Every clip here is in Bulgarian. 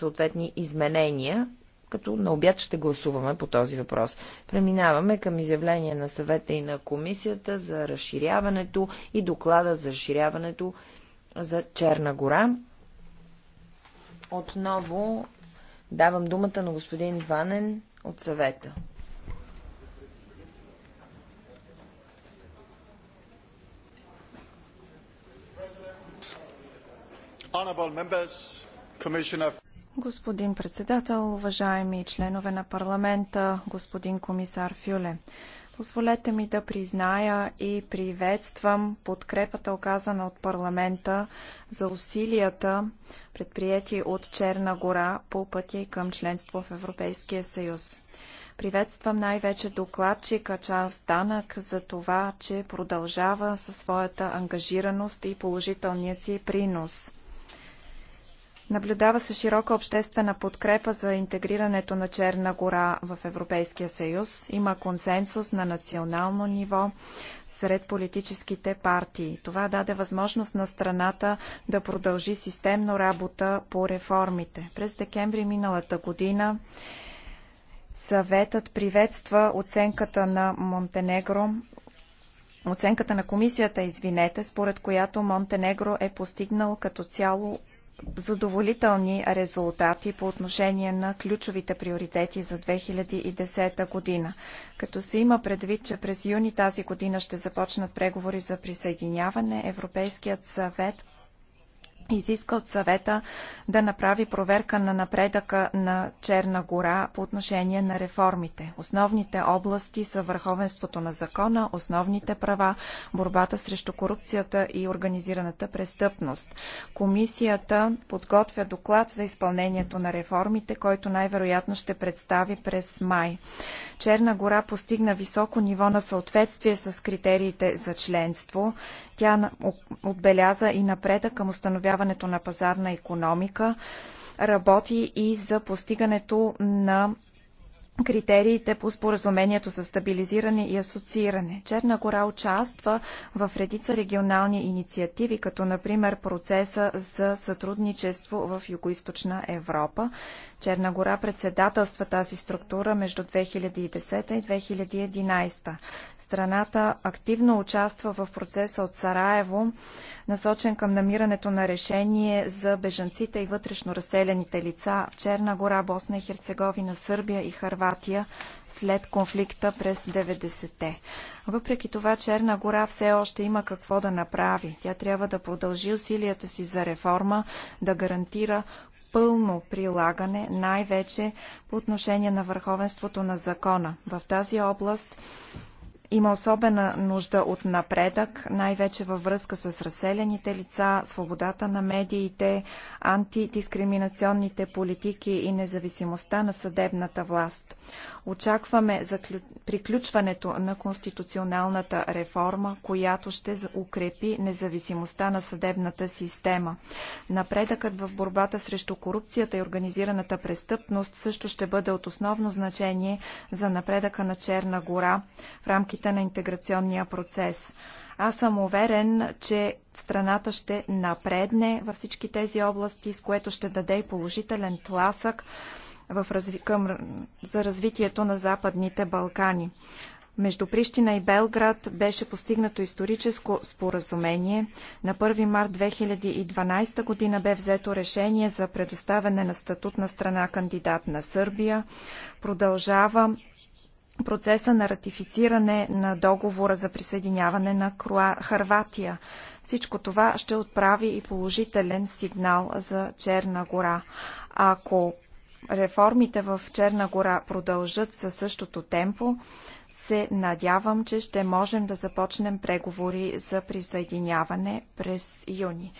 съответни изменения, като на обяд ще гласуваме по този въпрос. Преминаваме към изявление на съвета и на комисията за разширяването и доклада за разширяването за Черна гора. Отново давам думата на господин Ванен от съвета. Honorable members, Commissioner Господин председател, уважаеми членове на парламента, господин комисар Фюле. Позволете ми да призная и приветствам подкрепата оказана от парламента за усилията, предприяти от Черна гора по пътя към членство в Европейския съюз. Приветствам най-вече докладчика Чарлз Данък за това, че продължава със своята ангажираност и положителния си принос. Наблюдава се широка обществена подкрепа за интегрирането на Черна гора в Европейския съюз. Има консенсус на национално ниво сред политическите партии. Това даде възможност на страната да продължи системно работа по реформите. През декември миналата година съветът приветства оценката на Монтенегро Оценката на комисията, извинете, според която Монтенегро е постигнал като цяло задоволителни резултати по отношение на ключовите приоритети за 2010 година. Като се има предвид, че през юни тази година ще започнат преговори за присъединяване, Европейският съвет изиска от съвета да направи проверка на напредъка на Черна гора по отношение на реформите. Основните области са върховенството на закона, основните права, борбата срещу корупцията и организираната престъпност. Комисията подготвя доклад за изпълнението на реформите, който най-вероятно ще представи през май. Черна гора постигна високо ниво на съответствие с критериите за членство. Тя отбеляза и напредък към установяването осъществяването на пазарна економика, работи и за постигането на критериите по споразумението за стабилизиране и асоцииране. Черна гора участва в редица регионални инициативи, като например процеса за сътрудничество в Югоизточна Европа. Черна гора председателства тази структура между 2010 и 2011. Страната активно участва в процеса от Сараево, насочен към намирането на решение за бежанците и вътрешно разселените лица в Черна гора, Босна и Херцеговина, Сърбия и Харватия след конфликта през 90-те. Въпреки това Черна гора все още има какво да направи. Тя трябва да продължи усилията си за реформа, да гарантира пълно прилагане, най-вече по отношение на върховенството на закона. В тази област има особена нужда от напредък, най-вече във връзка с разселените лица, свободата на медиите, антидискриминационните политики и независимостта на съдебната власт. Очакваме заклю... приключването на конституционалната реформа, която ще укрепи независимостта на съдебната система. Напредъкът в борбата срещу корупцията и организираната престъпност също ще бъде от основно значение за напредъка на Черна гора в рамките защита на интеграционния процес. Аз съм уверен, че страната ще напредне във всички тези области, с което ще даде и положителен тласък в разви... към... за развитието на Западните Балкани. Между Прищина и Белград беше постигнато историческо споразумение. На 1 март 2012 година бе взето решение за предоставяне на статут на страна кандидат на Сърбия. Продължава процеса на ратифициране на договора за присъединяване на Круа... Харватия. Всичко това ще отправи и положителен сигнал за Черна гора. Ако реформите в Черна гора продължат със същото темпо, се надявам, че ще можем да започнем преговори за присъединяване през юни.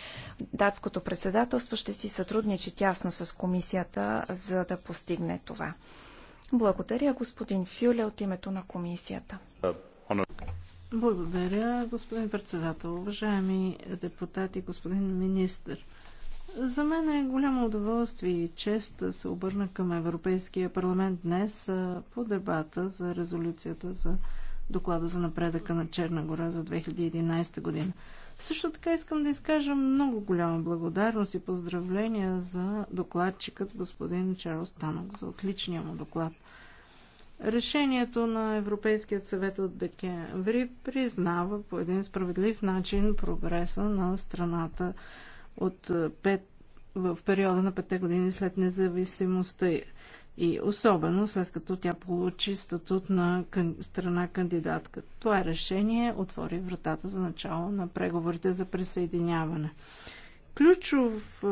Датското председателство ще си сътрудничи тясно с комисията, за да постигне това. Благодаря, господин Фюле, от името на комисията. Благодаря, господин председател. Уважаеми депутати, господин министр. За мен е голямо удоволствие и чест да се обърна към Европейския парламент днес по дебата за резолюцията за доклада за напредъка на Черна гора за 2011 година. Също така искам да изкажа много голяма благодарност и поздравления за докладчикът господин Чарлз Танок за отличния му доклад. Решението на Европейският съвет от декември признава по един справедлив начин прогреса на страната от 5, в периода на 5 години след независимостта. И особено след като тя получи статут на страна кандидатка. Това е решение отвори вратата за начало на преговорите за присъединяване. Ключов е,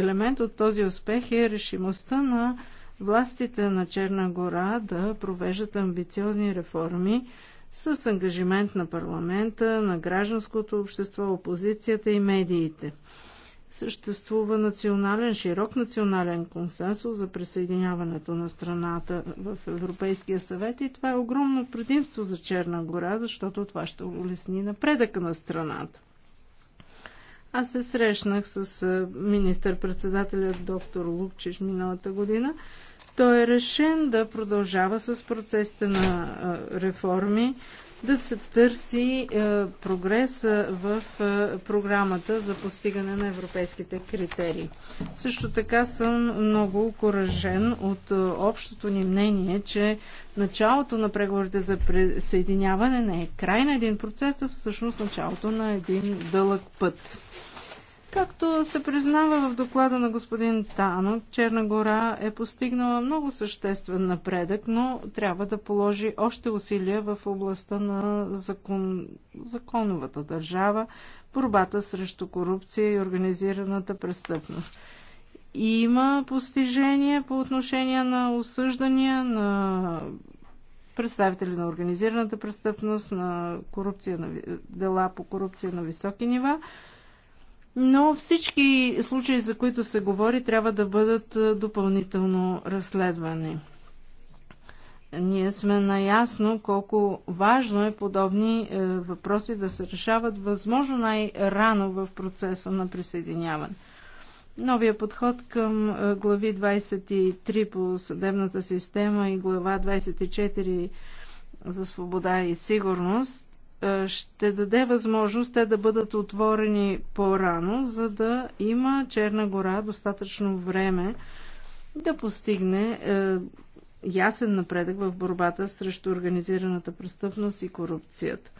елемент от този успех е решимостта на властите на Черна гора да провеждат амбициозни реформи с ангажимент на парламента, на гражданското общество, опозицията и медиите – Съществува национален, широк национален консенсус за присъединяването на страната в Европейския съвет и това е огромно предимство за Черна гора, защото това ще улесни напредъка на страната. Аз се срещнах с министър-председателя доктор Лукчиш миналата година. Той е решен да продължава с процесите на реформи, да се търси е, прогрес в е, програмата за постигане на европейските критерии. Също така съм много окоръжен от е, общото ни мнение, че началото на преговорите за присъединяване не е край на един процес, а всъщност началото на един дълъг път. Както се признава в доклада на господин Танов, Черна гора е постигнала много съществен напредък, но трябва да положи още усилия в областта на закон... законовата държава, борбата срещу корупция и организираната престъпност. И има постижения по отношение на осъждания на представители на организираната престъпност, на корупция, на дела по корупция на високи нива, но всички случаи, за които се говори, трябва да бъдат е, допълнително разследвани. Ние сме наясно колко важно е подобни е, въпроси да се решават възможно най-рано в процеса на присъединяване. Новия подход към е, глави 23 по съдебната система и глава 24 за свобода и сигурност е, ще даде възможност те да бъдат отворени по-рано, за да има Черна гора достатъчно време да постигне е, ясен напредък в борбата срещу организираната престъпност и корупцията.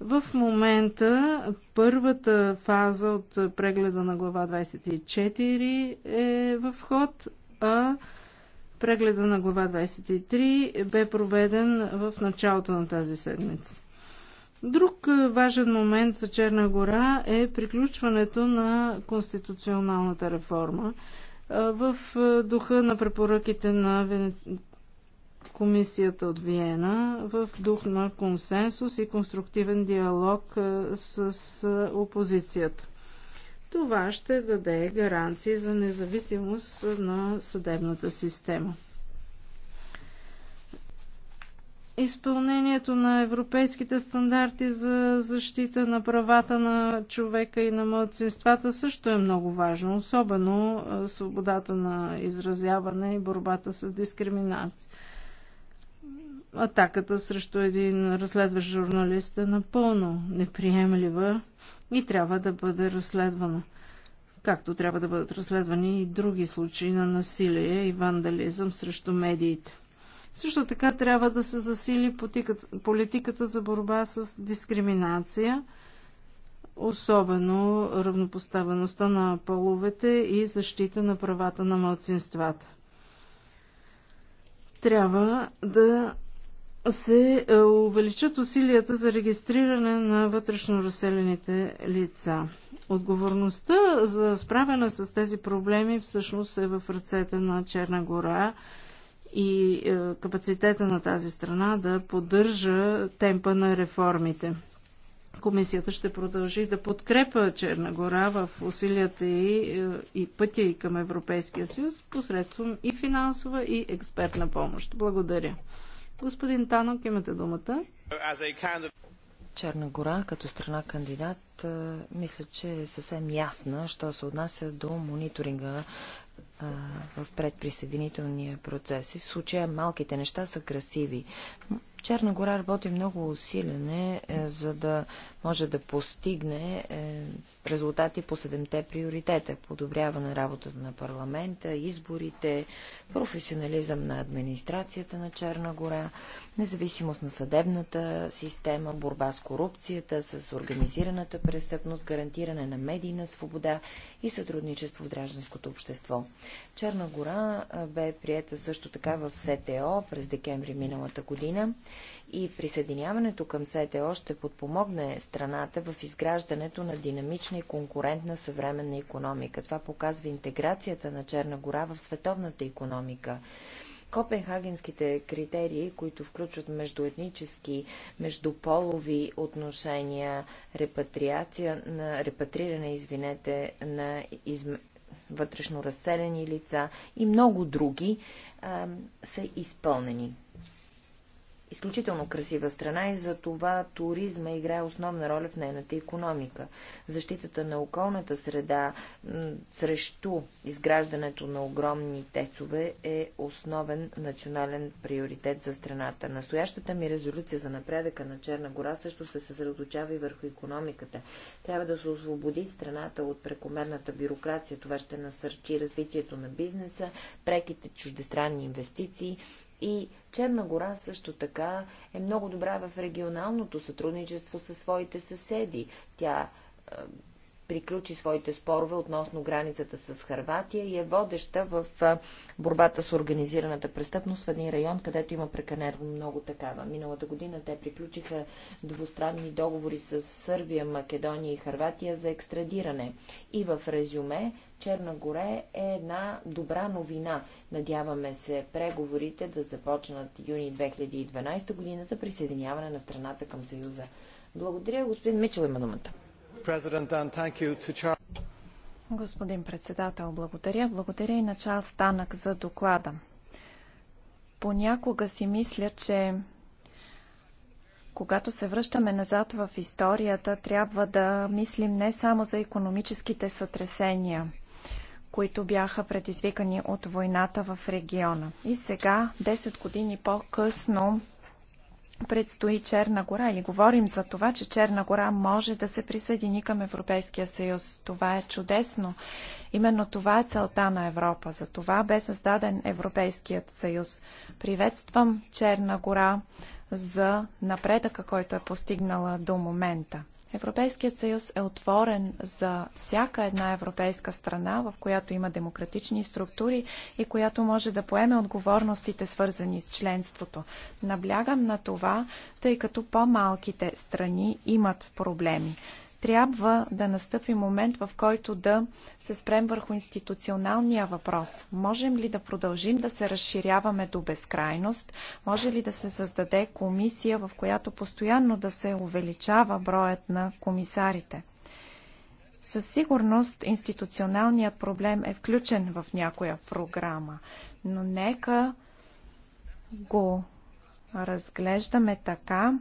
В момента първата фаза от прегледа на глава 24 е в ход, а прегледа на глава 23 бе проведен в началото на тази седмица. Друг е, важен момент за Черна гора е приключването на конституционалната реформа е, в е, духа на препоръките на Комисията от Виена, в дух на консенсус и конструктивен диалог с опозицията. Това ще даде гаранции за независимост на съдебната система. изпълнението на европейските стандарти за защита на правата на човека и на младсинствата също е много важно, особено свободата на изразяване и борбата с дискриминация. Атаката срещу един разследващ журналист е напълно неприемлива и трябва да бъде разследвана. Както трябва да бъдат разследвани и други случаи на насилие и вандализъм срещу медиите. Също така трябва да се засили политиката за борба с дискриминация, особено равнопоставеността на половете и защита на правата на младсинствата. Трябва да се е, увеличат усилията за регистриране на вътрешно разселените лица. Отговорността за справяне с тези проблеми всъщност е в ръцете на Черна гора – и е, капацитета на тази страна да поддържа темпа на реформите. Комисията ще продължи да подкрепа Черна гора в усилията и, е, и пътя и към Европейския съюз посредством и финансова и експертна помощ. Благодаря. Господин Танок, имате думата. Черна гора като страна кандидат е, мисля, че е съвсем ясна, що се отнася до мониторинга а, в предприсъединителния процес. И в случая малките неща са красиви. Черна гора работи много усилене, е, за да може да постигне е, резултати по седемте приоритета. Подобряване работата на парламента, изборите, професионализъм на администрацията на Черна гора, независимост на съдебната система, борба с корупцията, с организираната престъпност, гарантиране на медийна свобода и сътрудничество в гражданското общество. Черна гора бе приета също така в СТО през декември миналата година и присъединяването към СТО ще подпомогне страната в изграждането на динамична и конкурентна съвременна економика. Това показва интеграцията на Черна гора в световната економика. Копенхагенските критерии, които включват междуетнически, междуполови отношения, репатриация на, репатриране, извинете, на изм вътрешно разселени лица и много други а, са изпълнени изключително красива страна и за това туризма играе основна роля в нейната економика. Защитата на околната среда срещу изграждането на огромни тецове е основен национален приоритет за страната. Настоящата ми резолюция за напредъка на Черна гора също се съсредоточава и върху економиката. Трябва да се освободи страната от прекомерната бюрокрация. Това ще насърчи развитието на бизнеса, преките чуждестранни инвестиции, и Черна гора също така е много добра в регионалното сътрудничество със своите съседи. Тя е, приключи своите спорове относно границата с Харватия и е водеща в борбата с организираната престъпност в един район, където има прекалено много такава. Миналата година те приключиха двустранни договори с Сърбия, Македония и Харватия за екстрадиране. И в резюме Черна горе е една добра новина. Надяваме се преговорите да започнат юни 2012 година за присъединяване на страната към Съюза. Благодаря, господин Мичел има думата. Господин председател, благодаря. Благодаря и на Чарлз Танък за доклада. Понякога си мисля, че когато се връщаме назад в историята, трябва да мислим не само за економическите сътресения, които бяха предизвикани от войната в региона. И сега, 10 години по-късно, предстои Черна гора или говорим за това, че Черна гора може да се присъедини към Европейския съюз. Това е чудесно. Именно това е целта на Европа. За това бе създаден Европейският съюз. Приветствам Черна гора за напредъка, който е постигнала до момента. Европейският съюз е отворен за всяка една европейска страна, в която има демократични структури и която може да поеме отговорностите, свързани с членството. Наблягам на това, тъй като по-малките страни имат проблеми. Трябва да настъпи момент, в който да се спрем върху институционалния въпрос. Можем ли да продължим да се разширяваме до безкрайност? Може ли да се създаде комисия, в която постоянно да се увеличава броят на комисарите? Със сигурност институционалният проблем е включен в някоя програма, но нека го разглеждаме така,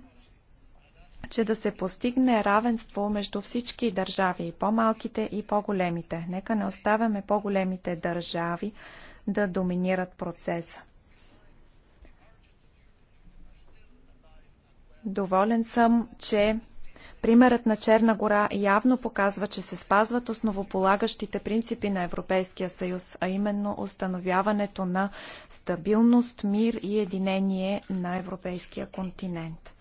че да се постигне равенство между всички държави, по-малките и по-големите. Нека не оставяме по-големите държави да доминират процеса. Доволен съм, че примерът на Черна гора явно показва, че се спазват основополагащите принципи на Европейския съюз, а именно установяването на стабилност, мир и единение на европейския континент.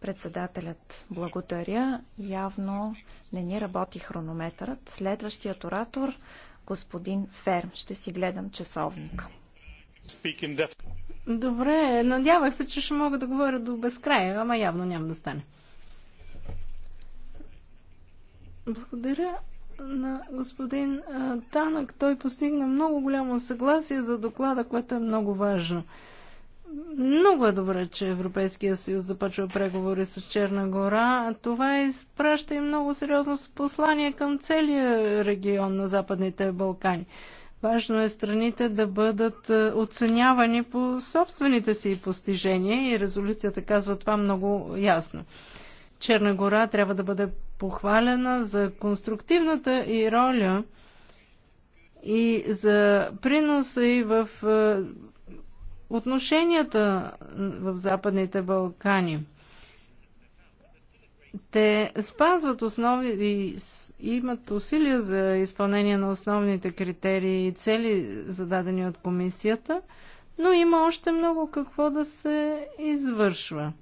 Председателят, благодаря. Явно не ни работи хронометърът. Следващият оратор, господин Ферм. Ще си гледам часовника. Добре, надявах се, че ще мога да говоря до безкрая, ама явно няма да стане. Благодаря на господин Танък. Той постигна много голямо съгласие за доклада, което е много важно. Много е добре, че Европейския съюз започва преговори с Черна гора. Това изпраща и много сериозно послание към целия регион на Западните Балкани. Важно е страните да бъдат е, оценявани по собствените си постижения и резолюцията казва това много ясно. Черна гора трябва да бъде похвалена за конструктивната и роля и за приноса и в е, отношенията в Западните Балкани. Те спазват основни и имат усилия за изпълнение на основните критерии и цели, зададени от комисията, но има още много какво да се извършва.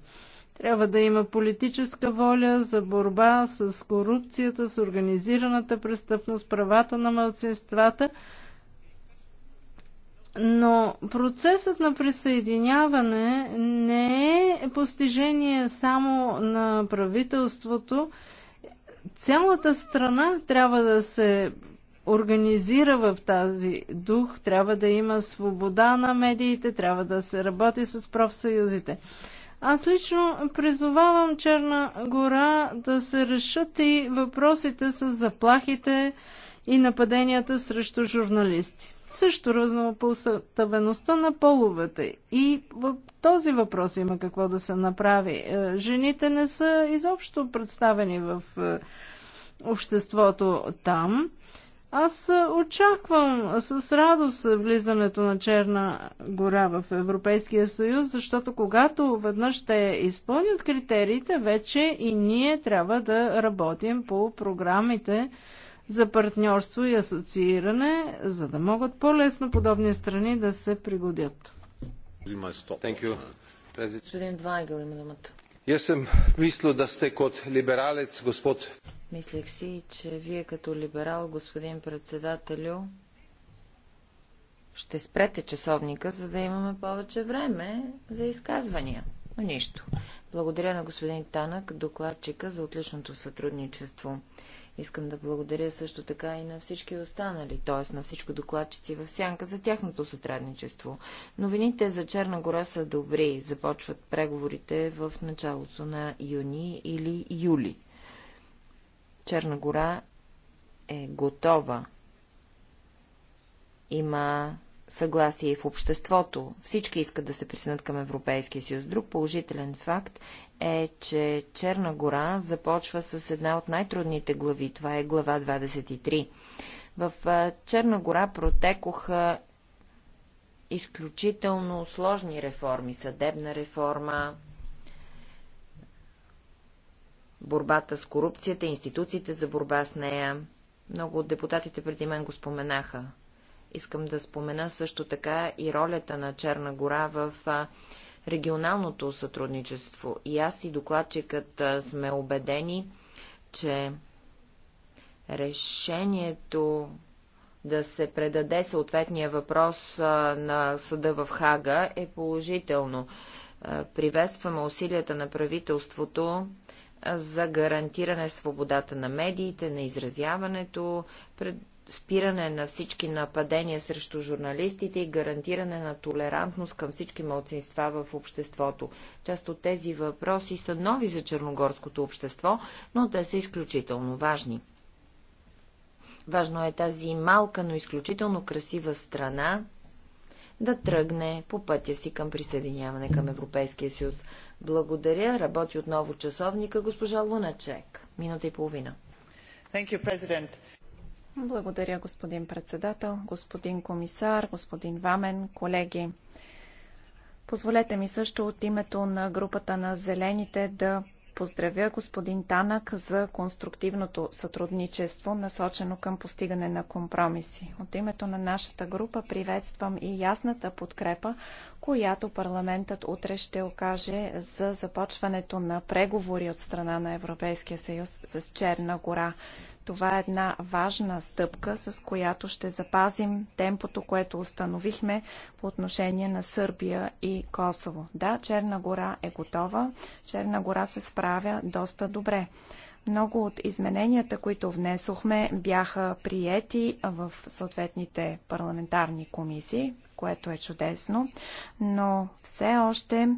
Трябва да има политическа воля за борба с корупцията, с организираната престъпност, правата на мълцинствата – но процесът на присъединяване не е постижение само на правителството. Цялата страна трябва да се организира в тази дух, трябва да има свобода на медиите, трябва да се работи с профсъюзите. Аз лично призовавам Черна гора да се решат и въпросите с заплахите и нападенията срещу журналисти. Също разнопоставеността на половете. И в този въпрос има какво да се направи. Е, жените не са изобщо представени в е, обществото там. Аз е, очаквам с радост влизането на Черна гора в Европейския съюз, защото когато веднъж ще изпълнят критериите, вече и ние трябва да работим по програмите, за партньорство и асоцииране, за да могат по-лесно подобни страни да се пригодят. Господин има думата. Мислех си, че вие като либерал, господин председателю, ще спрете часовника, за да имаме повече време за изказвания. Но нищо. Благодаря на господин Танък, докладчика, за отличното сътрудничество. Искам да благодаря също така и на всички останали, т.е. на всичко докладчици в сянка за тяхното сътрудничество. Новините за Черна гора са добри. Започват преговорите в началото на юни или юли. Черна гора е готова. Има съгласие и в обществото. Всички искат да се присъединят към Европейския съюз. Друг положителен факт е, че Черна гора започва с една от най-трудните глави. Това е глава 23. В Черна гора протекоха изключително сложни реформи. Съдебна реформа, борбата с корупцията, институциите за борба с нея. Много от депутатите преди мен го споменаха. Искам да спомена също така и ролята на Черна гора в регионалното сътрудничество. И аз и докладчикът сме убедени, че решението да се предаде съответния въпрос на съда в Хага е положително. Приветстваме усилията на правителството за гарантиране свободата на медиите, на изразяването, пред спиране на всички нападения срещу журналистите и гарантиране на толерантност към всички малцинства в обществото. Част от тези въпроси са нови за черногорското общество, но те са изключително важни. Важно е тази малка, но изключително красива страна да тръгне по пътя си към присъединяване към Европейския съюз. Благодаря. Работи отново часовника госпожа Луначек. Минута и половина. Thank you, President. Благодаря, господин председател, господин комисар, господин Вамен, колеги. Позволете ми също от името на групата на Зелените да поздравя господин Танък за конструктивното сътрудничество, насочено към постигане на компромиси. От името на нашата група приветствам и ясната подкрепа, която парламентът утре ще окаже за започването на преговори от страна на Европейския съюз с Черна гора. Това е една важна стъпка, с която ще запазим темпото, което установихме по отношение на Сърбия и Косово. Да, Черна гора е готова. Черна гора се справя доста добре. Много от измененията, които внесохме, бяха приети в съответните парламентарни комисии, което е чудесно, но все още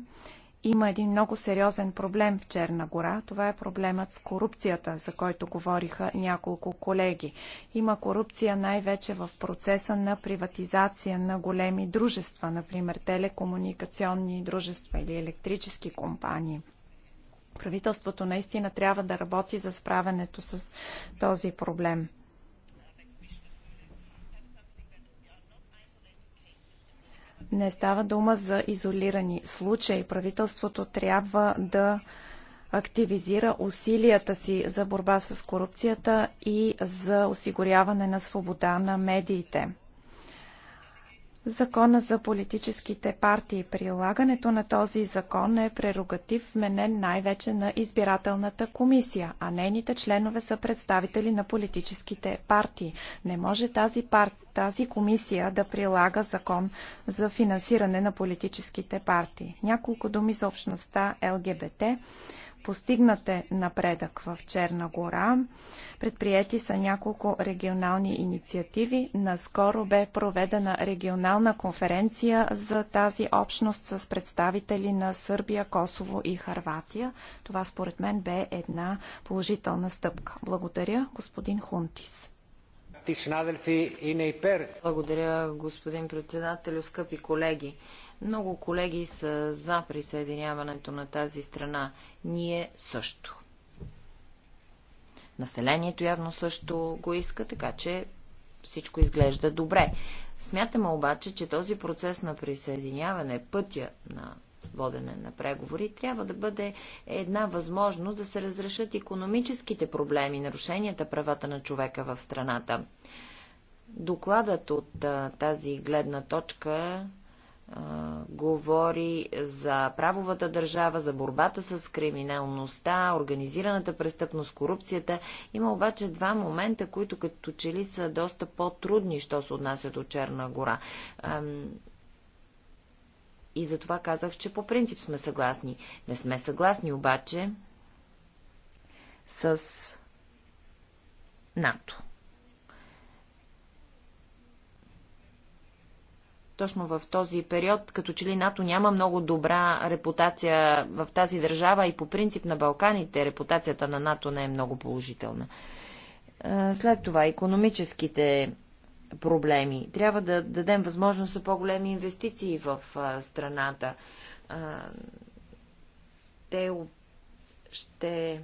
има един много сериозен проблем в Черна гора. Това е проблемът с корупцията, за който говориха няколко колеги. Има корупция най-вече в процеса на приватизация на големи дружества, например телекомуникационни дружества или електрически компании. Правителството наистина трябва да работи за справянето с този проблем. Не става дума за изолирани случаи. Правителството трябва да активизира усилията си за борба с корупцията и за осигуряване на свобода на медиите. Закона за политическите партии. Прилагането на този закон е прерогатив вменен най-вече на избирателната комисия, а нейните членове са представители на политическите партии. Не може тази, пар... тази комисия да прилага закон за финансиране на политическите партии. Няколко думи за общността ЛГБТ. Постигнате напредък в Черна гора. Предприяти са няколко регионални инициативи. Наскоро бе проведена регионална конференция за тази общност с представители на Сърбия, Косово и Харватия. Това според мен бе една положителна стъпка. Благодаря, господин Хунтис. Благодаря, господин председател, скъпи колеги. Много колеги са за присъединяването на тази страна. Ние също. Населението явно също го иска, така че всичко изглежда добре. Смятаме обаче, че този процес на присъединяване, пътя на водене на преговори, трябва да бъде една възможност да се разрешат економическите проблеми, нарушенията правата на човека в страната. Докладът от тази гледна точка говори за правовата държава, за борбата с криминалността, организираната престъпност, корупцията. Има обаче два момента, които като че ли са доста по-трудни, що се отнася до Черна гора. И за това казах, че по принцип сме съгласни. Не сме съгласни обаче с НАТО. Точно в този период, като че ли НАТО няма много добра репутация в тази държава и по принцип на Балканите репутацията на НАТО не е много положителна. Е, след това, економическите проблеми. Трябва да дадем възможност за по-големи инвестиции в е, страната. Е, те ще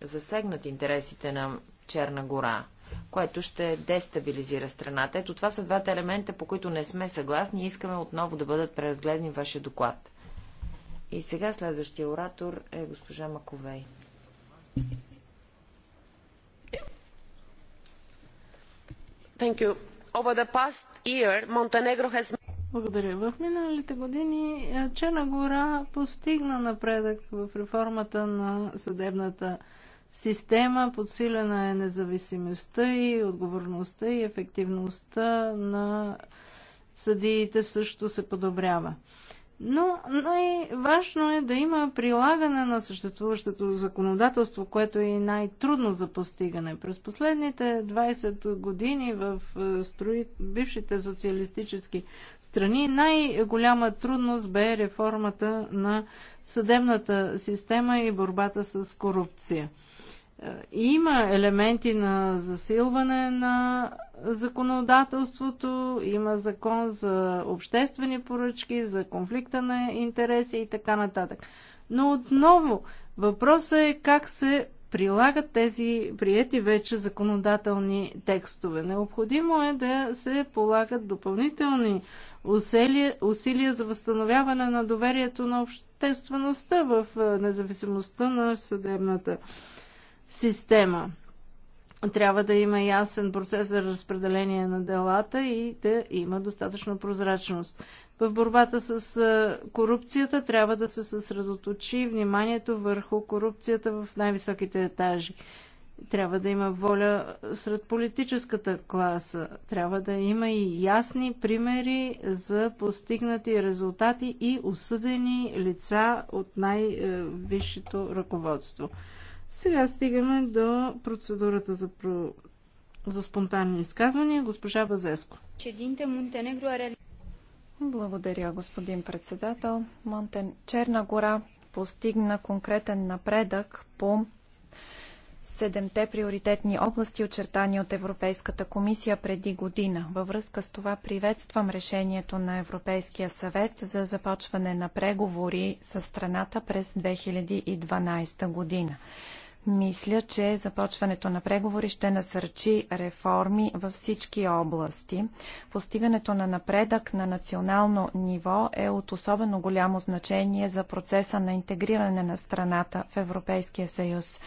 засегнат интересите на Черна гора което ще дестабилизира страната. Ето това са двата елемента, по които не сме съгласни и искаме отново да бъдат преразгледни вашия доклад. И сега следващия оратор е госпожа Маковей. Thank you. Over the past year, Montenegro has благодаря. В миналите години Черна гора постигна напредък в реформата на съдебната система, подсилена е независимостта и отговорността и ефективността на съдиите също се подобрява. Но най-важно е да има прилагане на съществуващото законодателство, което е най-трудно за постигане. През последните 20 години в е, строи... бившите социалистически страни най-голяма трудност бе реформата на съдебната система и борбата с корупция. Е, има елементи на засилване на законодателството, има закон за обществени поръчки, за конфликта на интереси и така нататък. Но отново въпросът е как се прилагат тези приети вече законодателни текстове. Необходимо е да се полагат допълнителни усилия, усилия за възстановяване на доверието на обществеността в е, независимостта на съдебната система. Трябва да има ясен процес за разпределение на делата и да има достатъчно прозрачност. В борбата с корупцията трябва да се съсредоточи вниманието върху корупцията в най-високите етажи. Трябва да има воля сред политическата класа. Трябва да има и ясни примери за постигнати резултати и осъдени лица от най-висшето ръководство. Сега стигаме до процедурата за, про... за спонтанни изказвания. Госпожа Базеско. Благодаря, господин председател. Монтен... Черна гора постигна конкретен напредък по седемте приоритетни области, очертани от Европейската комисия преди година. Във връзка с това приветствам решението на Европейския съвет за започване на преговори с страната през 2012 година. Мисля, че започването на преговори ще насърчи реформи във всички области. Постигането на напредък на национално ниво е от особено голямо значение за процеса на интегриране на страната в Европейския съюз.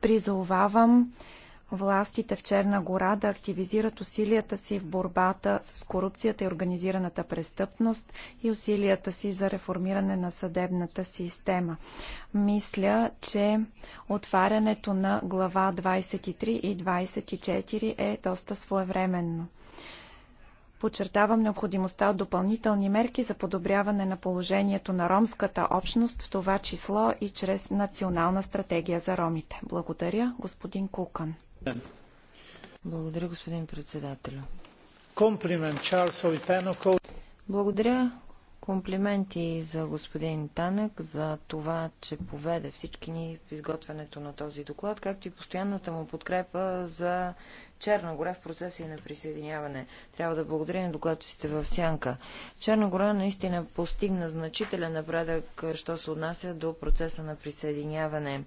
Призовавам Властите в Черна гора да активизират усилията си в борбата с корупцията и организираната престъпност и усилията си за реформиране на съдебната система. Мисля, че отварянето на глава 23 и 24 е доста своевременно. Подчертавам необходимостта от допълнителни мерки за подобряване на положението на ромската общност, в това число и чрез национална стратегия за ромите. Благодаря, господин Кукан. Благодаря, господин председател. Комплимент Чарлз Теноко. Благодаря. Комплименти за господин Танък за това, че поведе всички ни в изготвянето на този доклад, както и постоянната му подкрепа за Черна гора в процеса и на присъединяване. Трябва да благодаря на докладчиците в Сянка. Черна гора наистина постигна значителен напредък, що се отнася до процеса на присъединяване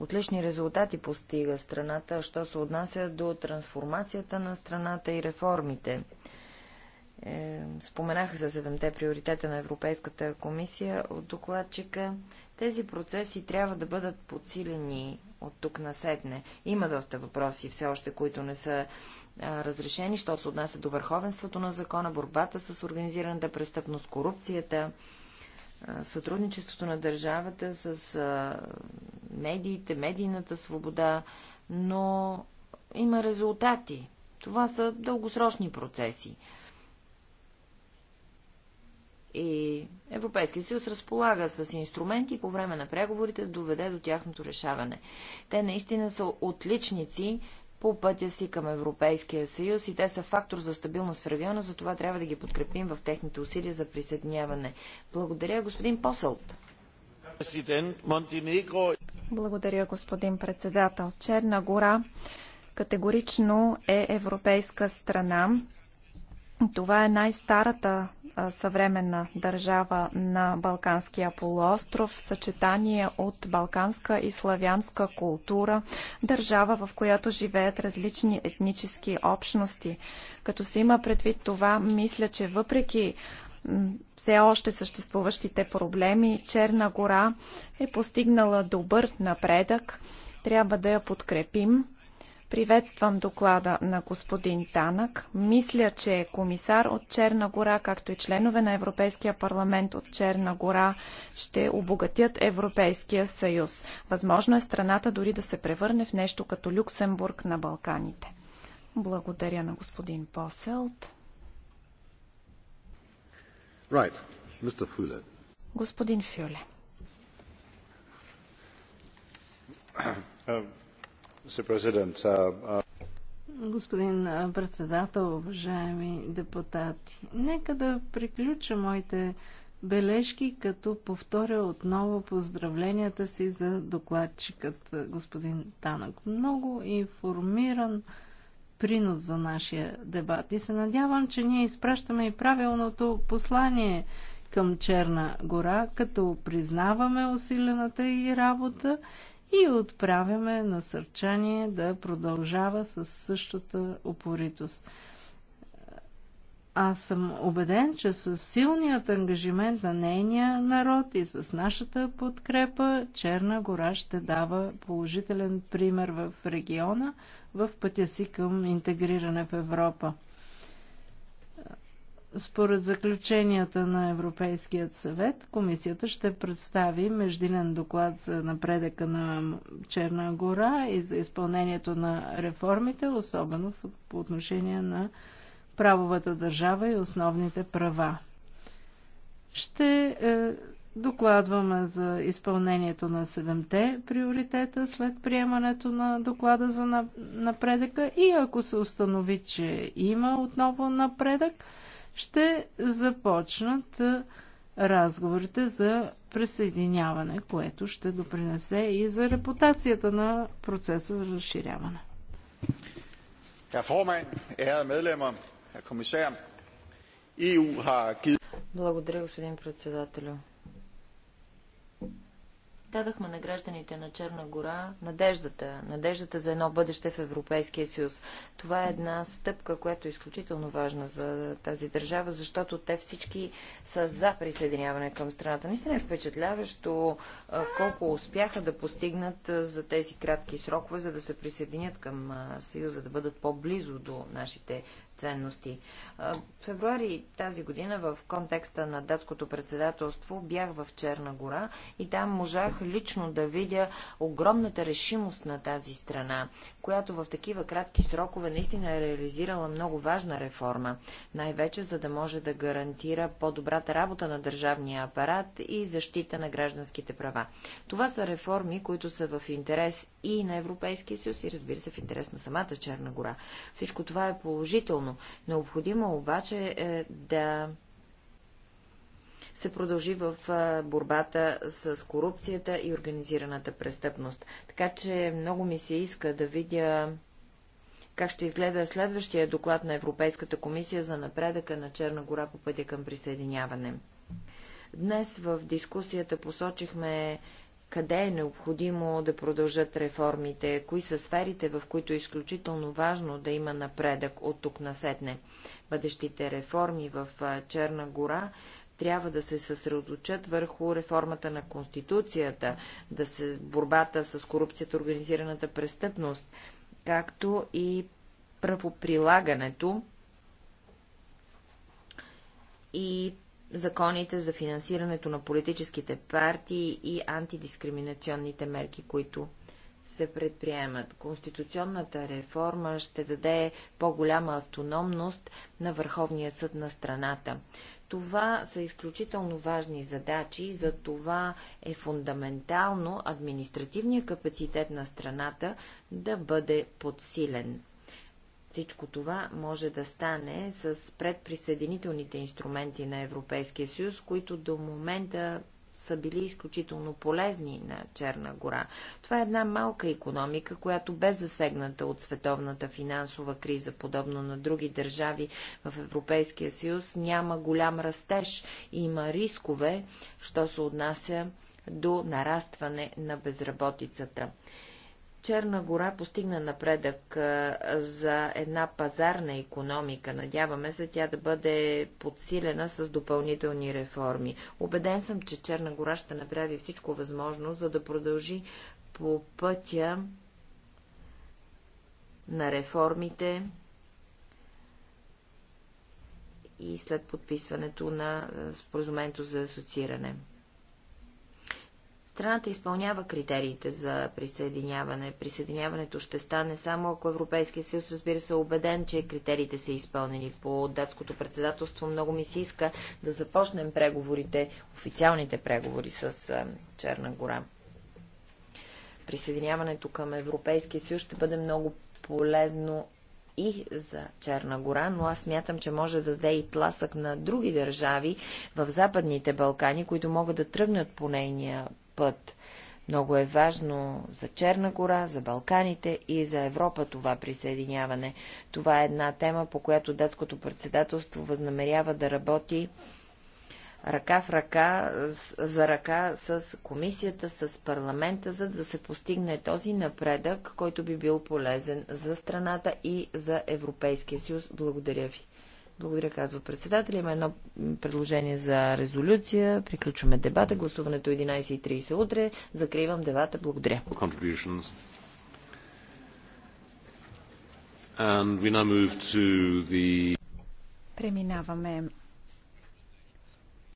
Отлични резултати постига страната, що се отнася до трансформацията на страната и реформите. Е, споменаха за седемте приоритета на Европейската комисия от докладчика. Тези процеси трябва да бъдат подсилени от тук седне. Има доста въпроси все още, които не са а, разрешени, що се отнася до върховенството на закона, борбата с организираната престъпност, корупцията сътрудничеството на държавата с медиите, медийната свобода, но има резултати. Това са дългосрочни процеси. И Европейския съюз разполага с инструменти по време на преговорите да доведе до тяхното решаване. Те наистина са отличници по пътя си към Европейския съюз и те са фактор за стабилност в региона, затова трябва да ги подкрепим в техните усилия за присъединяване. Благодаря, господин Посълт. Благодаря, господин председател. Черна гора категорично е европейска страна. Това е най-старата съвременна държава на Балканския полуостров, съчетание от балканска и славянска култура, държава, в която живеят различни етнически общности. Като се има предвид това, мисля, че въпреки все още съществуващите проблеми, Черна гора е постигнала добър напредък. Трябва да я подкрепим Приветствам доклада на господин Танък. Мисля, че е комисар от Черна гора, както и членове на Европейския парламент от Черна гора, ще обогатят Европейския съюз. Възможно е страната дори да се превърне в нещо като Люксембург на Балканите. Благодаря на господин Поселт. Right. Mr. Fule. Господин Фюле. Uh, uh, господин председател, уважаеми депутати, нека да приключа моите бележки, като повторя отново поздравленията си за докладчикът господин Танък. Много информиран принос за нашия дебат и се надявам, че ние изпращаме и правилното послание към Черна гора, като признаваме усилената и работа и отправяме насърчание да продължава с същата упоритост. Аз съм убеден, че с силният ангажимент на нейния народ и с нашата подкрепа Черна гора ще дава положителен пример в региона в пътя си към интегриране в Европа. Според заключенията на Европейският съвет, комисията ще представи междинен доклад за напредъка на Черна гора и за изпълнението на реформите, особено по отношение на правовата държава и основните права. Ще е, докладваме за изпълнението на седемте приоритета след приемането на доклада за напредъка и ако се установи, че има отново напредък, ще започнат разговорите за присъединяване, което ще допринесе и за репутацията на процеса за разширяване. E Благодаря, господин председателю. Дадахме на гражданите на Черна гора надеждата, надеждата за едно бъдеще в Европейския съюз. Това е една стъпка, която е изключително важна за тази държава, защото те всички са за присъединяване към страната. Наистина е впечатляващо колко успяха да постигнат за тези кратки срокове, за да се присъединят към съюза, да бъдат по-близо до нашите ценности. В февруари тази година в контекста на датското председателство бях в Черна гора и там можах лично да видя огромната решимост на тази страна, която в такива кратки срокове наистина е реализирала много важна реформа, най-вече за да може да гарантира по-добрата работа на държавния апарат и защита на гражданските права. Това са реформи, които са в интерес и на Европейския съюз и разбира се в интерес на самата Черна гора. Всичко това е положително положително. Необходимо е обаче е да се продължи в е, борбата с корупцията и организираната престъпност. Така че много ми се иска да видя как ще изгледа следващия доклад на Европейската комисия за напредъка на Черна гора по пътя към присъединяване. Днес в дискусията посочихме къде е необходимо да продължат реформите, кои са сферите, в които е изключително важно да има напредък от тук насетне. Бъдещите реформи в Черна гора трябва да се съсредоточат върху реформата на Конституцията, да се борбата с корупцията, организираната престъпност, както и правоприлагането и законите за финансирането на политическите партии и антидискриминационните мерки, които се предприемат. Конституционната реформа ще даде по-голяма автономност на Върховния съд на страната. Това са изключително важни задачи, за това е фундаментално административния капацитет на страната да бъде подсилен. Всичко това може да стане с предприсъединителните инструменти на Европейския съюз, които до момента са били изключително полезни на Черна гора. Това е една малка економика, която бе засегната от световната финансова криза, подобно на други държави в Европейския съюз, няма голям растеж. Има рискове, що се отнася до нарастване на безработицата. Черна гора постигна напредък за една пазарна економика. Надяваме се тя да бъде подсилена с допълнителни реформи. Обеден съм, че Черна гора ще направи всичко възможно, за да продължи по пътя на реформите и след подписването на споразумението за асоцииране. Страната изпълнява критериите за присъединяване. Присъединяването ще стане само ако Европейския съюз, разбира се, е убеден, че критериите са изпълнени. По датското председателство много ми се иска да започнем преговорите, официалните преговори с Черна гора. Присъединяването към Европейския съюз ще бъде много полезно и за Черна гора, но аз мятам, че може да даде и тласък на други държави в Западните Балкани, които могат да тръгнат по нейния път. Много е важно за Черна гора, за Балканите и за Европа това присъединяване. Това е една тема, по която датското председателство възнамерява да работи ръка в ръка, за ръка с комисията, с парламента, за да се постигне този напредък, който би бил полезен за страната и за Европейския съюз. Благодаря ви. Благодаря, казва председател. Има едно предложение за резолюция. Приключваме дебата. Гласуването е 11.30 утре. Закривам дебата. Благодаря. The... Преминаваме